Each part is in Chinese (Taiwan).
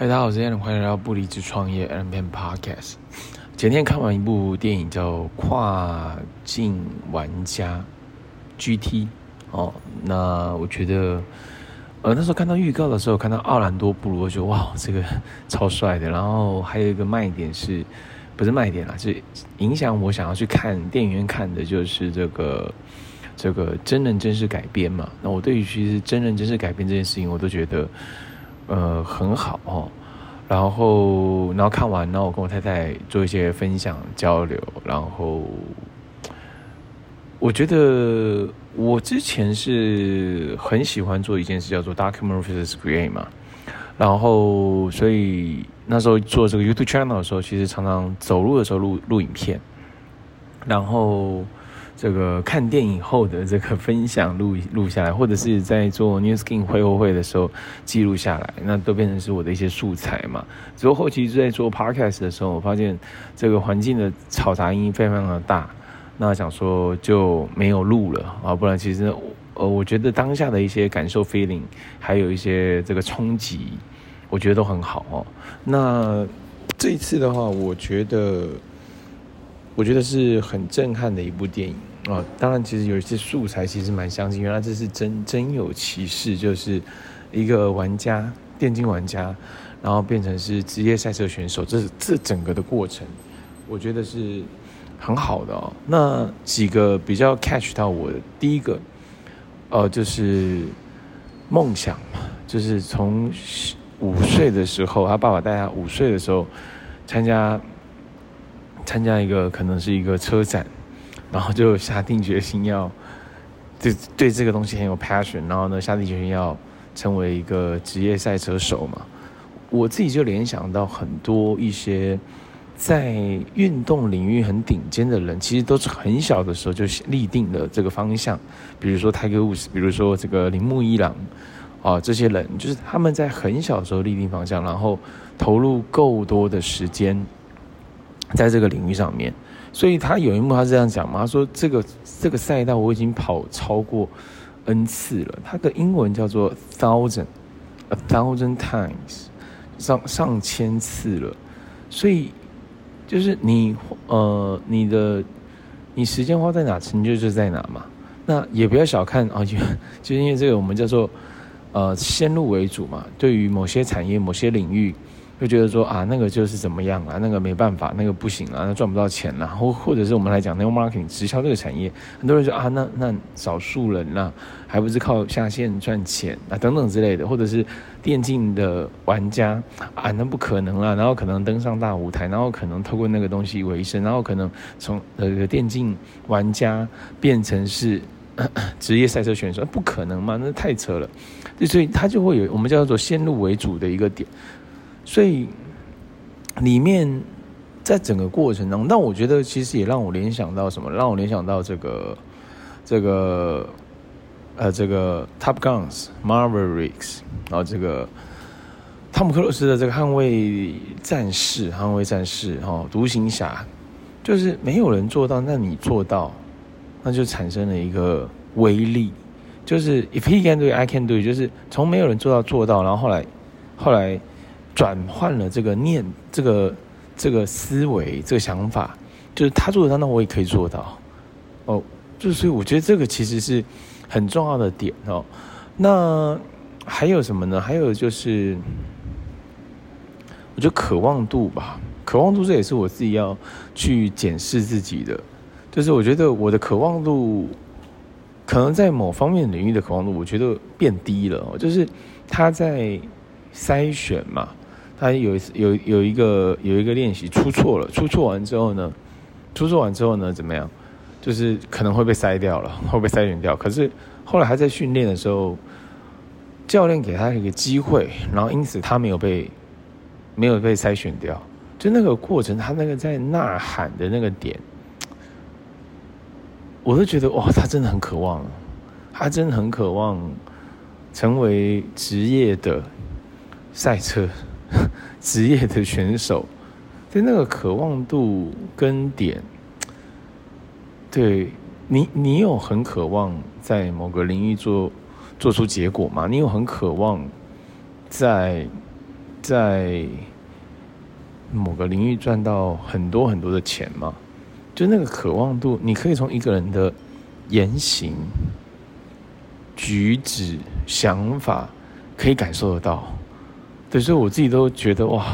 嗨，大家好，我是 Allen，歡迎來到不離職創業 Allen Peng Podcast。前天看完一部電影叫《跨界玩家》GT 哦，那我覺得，呃，那時候看到預告的時候，看到奧蘭多布魯，我覺得哇，這個超帥的。然後還有一個賣點是，不是賣點了，是影響我想要去看電影院看的，就是這個這個真人真事改編嘛。那我對於其實真人真事改編這件事情，我都覺得。呃，很好哦。然後，然後看完，然後我跟我太太做一些分享交流，然後，我覺得我之前是很喜歡做一件事，叫做 documentary create 嘛，然後，所以那時候做這個 YouTube channel 的時候，其實常常走路的時候錄錄影片，然後。這個看電影後的這個分享錄錄下來，或者是在做 New Skin 會後會的時候記錄下來，那都變成是我的一些素材嘛。之後後期就在做 Podcast 的時候，我發現這個環境的嘈雜音非常非常的大，那想說就沒有錄了啊。不然其實呃，我覺得當下的一些感受 Feeling 還有一些這個衝擊，我覺得都很好哦。那這一次的話，我覺得。我覺得是很震撼的一部電影啊，哦！當然，其實有一些素材其實蠻相近，原來這是真真有其事，就是一個玩家，電競玩家，然後變成是職業賽車選手，這是這整個的過程，我覺得是很好的，哦，那幾個比較 catch 到我的，的第一個，呃，就是夢想嘛，就是從五歲的時候，他爸爸帶他五歲的時候參加。參加一個可能是一個車展，然後就下定決心要對對這個東西很有 passion，然後呢下定決心要成為一個職業賽車手嘛。我自己就聯想到很多一些在運動領域很頂尖的人，其實都是很小的時候就立定了這個方向，比如說 Tiger Woods，比如說這個鈴木一郎，啊、呃，這些人就是他們在很小的時候立定方向，然後投入夠多的時間。在這個領域上面，所以他有一幕他是這樣講嘛，他說這個這個賽道我已經跑超過 N 次了，他的英文叫做 thousand，a thousand times，上上千次了，所以就是你呃你的你時間花在哪，成就就在哪嘛。那也不要小看啊，就因為這個我們叫做呃先入為主嘛，對於某些產業某些領域。就覺得說啊，那個就是怎麼樣啊，那個沒辦法，那個不行啊，那賺不到錢了、啊。或者是我們來講那 e、個、Marketing 直銷這個產業，很多人說啊，那那少數人啦、啊，還不是靠下線賺錢啊，等等之類的。或者是電競的玩家啊，那不可能了、啊。然後可能登上大舞台，然後可能透過那個東西為生，然後可能從那個電競玩家變成是職、呃、業賽車選手，不可能嘛，那太扯了。所以他就會有我們叫做先入為主的一個點。所以，裡面在整個過程當中，那我覺得其實也讓我聯想到什麼？讓我聯想到這個、這個、呃，這個《Top Guns》、《Maverick》，然後這個湯姆克魯斯的這個捍衛戰士、捍衛戰士，哦、獨行俠，就是沒有人做到，那你做到，那就產生了一個威力，就是 "If he can do, I can do"，就是從沒有人做到做到，然後後來，後來。轉換了這個念，這個這個思維，這個想法，就是他做得到，那我也可以做到，哦，就是所以我覺得這個其實是很重要的點哦。那還有什麼呢？還有就是，我覺得渴望度吧，渴望度這也是我自己要去檢視自己的，就是我覺得我的渴望度，可能在某方面領域的渴望度，我覺得變低了，哦，就是他在篩選嘛。他有一次有有一個有一個練習出錯了，出錯完之後呢，出錯完之後呢，怎麼樣？就是可能會被篩掉了，會被篩選掉。可是後來還在訓練的時候，教練給他一個機會，然後因此他沒有被沒有被篩選掉。就那個過程，他那個在吶喊的那個點，我都覺得哇，他真的很渴望，他真的很渴望成為職業的賽車職業的選手，對那個渴望度跟點，對你，你有很渴望在某個領域做做出結果嗎？你有很渴望在在某個領域賺到很多很多的錢嗎？就那個渴望度，你可以從一個人的言行舉止、想法，可以感受得到。對，所以我自己都覺得哇，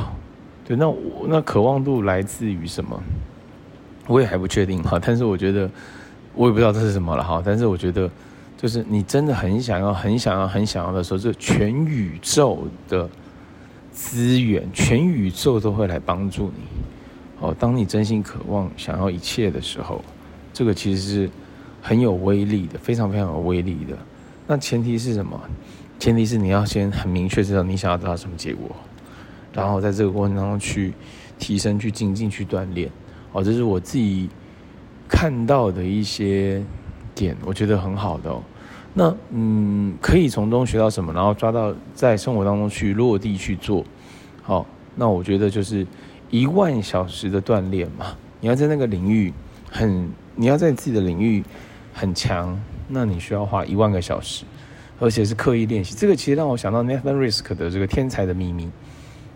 對，那那渴望度來自於什麼？我也還不確定哈，但是我覺得我也不知道這是什麼了哈，但是我覺得就是你真的很想要、很想要、很想要的時候，這全宇宙的資源，全宇宙都會來幫助你。哦，當你真心渴望、想要一切的時候，這個其實是很有威力的，非常非常有威力的。那前提是什麼？前提是你要先很明確知道你想要得到什麼結果，然後在這個過程當中去提升、去精進、去鍛鍊。哦，這是我自己看到的一些點，我覺得很好的哦。那嗯，可以從中學到什麼，然後抓到在生活當中去落地去做。好，那我覺得就是一萬小時的鍛鍊嘛。你要在那個領域很，你要在自己的領域很強，那你需要花一萬個小時。而且是刻意練習，這個其實讓我想到 Nathan Risk 的這個天才的秘密，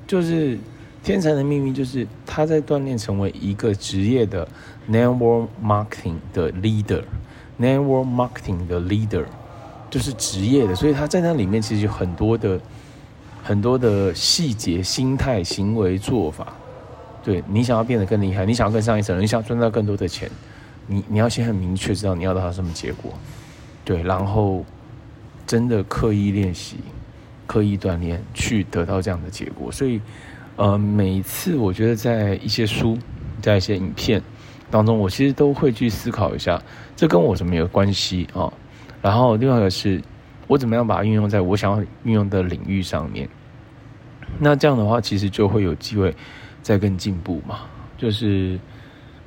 就是天才的秘密就是他在鍛鍊成為一個職業的 Network Marketing 的 Leader，Network Marketing 的 Leader 就是職業的，所以他在那裡面其實有很多的很多的細節、心態、行為、做法對。對，你想要變得更厲害，你想要更上一層，你想賺到更多的錢，你你要先很明確知道你要到什麼結果，對，然後。真的刻意練習，刻意鍛鍊，去得到這樣的結果。所以，呃，每一次我覺得在一些書，在一些影片當中，我其實都會去思考一下，這跟我什麼有關係啊？然後，另外一個是，我怎麼樣把它運用在我想要運用的領域上面？那這樣的話，其實就會有機會再更進步嘛。就是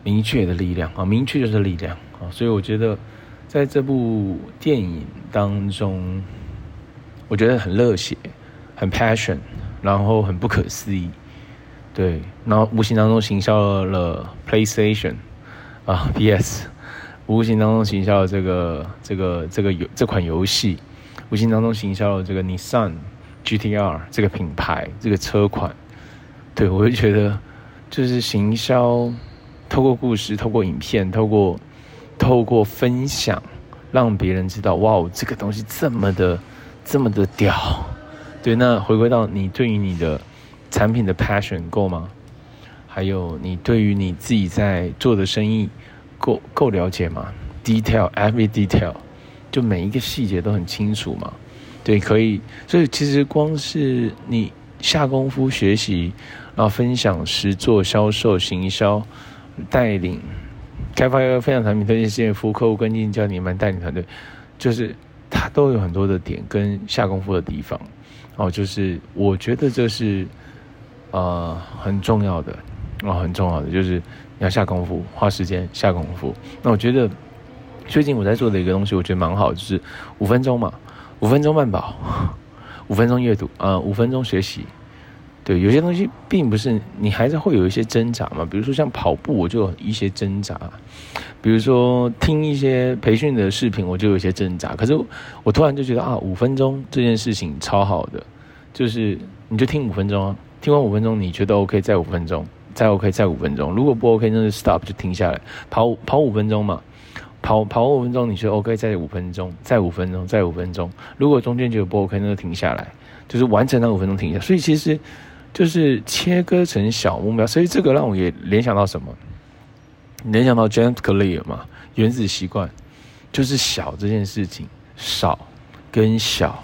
明確的力量啊，明確就是力量啊。所以，我覺得。在這部電影當中，我覺得很熱血，很 passion，然後很不可思議。對，然後無形當中行銷了，了 PlayStation 啊，uh，PS，yes，無形當中行銷了這個這個這個遊這款遊戲，無形當中行銷了這個 Nissan GTR 這個品牌，這個車款。對，我就覺得，就是行銷，透過故事，透過影片，透過。透過分享，讓別人知道，哇哦，這個東西這麼的，這麼的屌。對，那回歸到你對於你的產品的 passion 夠嗎？還有你對於你自己在做的生意夠，夠夠了解嗎？Detail，every detail，就每一個細節都很清楚嗎？對，可以。所以其實光是你下功夫學習，然後分享、實做、銷售、行銷、帶領。開發一個分享產品，推薦事業，服務客戶跟進，教練們帶領團隊，就是他都有很多的點跟下功夫的地方。哦，就是我覺得這是呃很重要的，哦很重要的，就是你要下功夫，花時間下功夫。那我覺得最近我在做的一個東西，我覺得蠻好，就是五分鐘嘛，五分鐘慢跑，五分鐘閱讀，啊、呃，五分鐘學習。對，有些東西並不是你還是會有一些掙扎嘛，比如說像跑步，我就有一些掙扎，比如說聽一些培訓的視頻，我就有一些掙扎。可是我突然就覺得啊，五分鐘這件事情超好的，就是你就聽五分鐘啊，聽完五分鐘你覺得 OK，再五分鐘，再 OK，再五分鐘。如果不 OK，那就 stop，就停下來。跑跑五分鐘嘛，跑跑五分鐘，你覺得 OK，再五分鐘，再五分鐘，再五分鐘。如果中間覺得不 OK，那就停下來，就是完成那五分鐘停下來。所以其實。就是切割成小目標，所以這個讓我也聯想到什麼？聯想到 James Clear 嘛，《原子習慣》，就是小這件事情，少跟小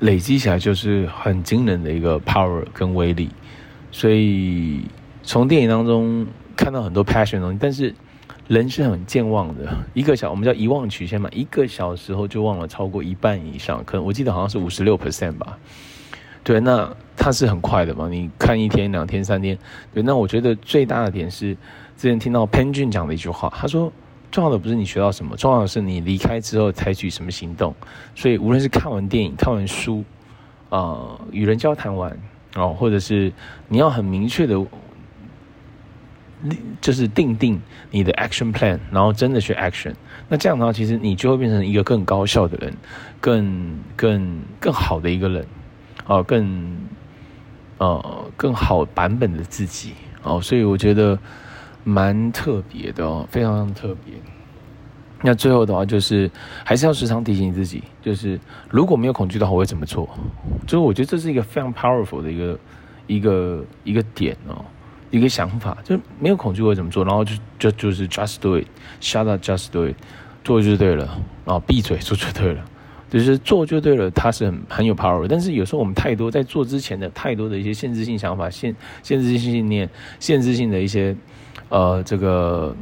累積起來就是很驚人的一個 power 跟威力。所以從電影當中看到很多 passion 的東西，但是人是很健忘的，一個小時我們叫遺忘曲線嘛，一個小時後就忘了超過一半以上，可能我記得好像是五十六 percent 吧。對，那。它是很快的嘛？你看一天、兩天、三天，對。那我覺得最大的點是，之前聽到潘俊講的一句話，他說：“重要的不是你學到什麼，重要的是你離開之後採取什麼行動。”所以，無論是看完電影、看完書，啊、呃，與人交談完，哦、呃，或者是你要很明確的，就是訂定你的 action plan，然後真的去 action。那這樣的話，其實你就會變成一個更高效的人，更更更好的一個人，啊、呃，更。呃、哦，更好版本的自己哦，所以我覺得蠻特別的、哦，非常特別。那最後的話就是，還是要時常提醒自己，就是如果沒有恐懼的話，我會怎麼做？就是我覺得這是一個非常 powerful 的一個一個一個點哦，一個想法，就是沒有恐懼我會怎麼做？然後就就就是 just do it，shut up just do it，做就對了，然後閉嘴做就對了。就是做就對了，它是很很有 power，但是有時候我們太多在做之前的太多的一些限制性想法，限限制性信念，限制性的一些呃這個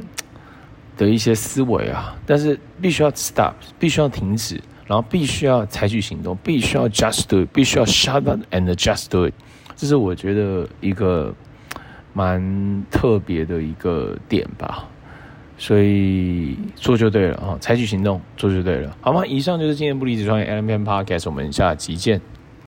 的一些思維啊。但是必須要 stop，必須要停止，然後必須要採取行動，必須要 just do it，必須要 shut up and just do it。這是我覺得一個蠻特別的一個點吧。所以做就對了啊，哦，採取行動做就對了，好嗎？以上就是今天不離職創業 LMPM Podcast，我們下集見。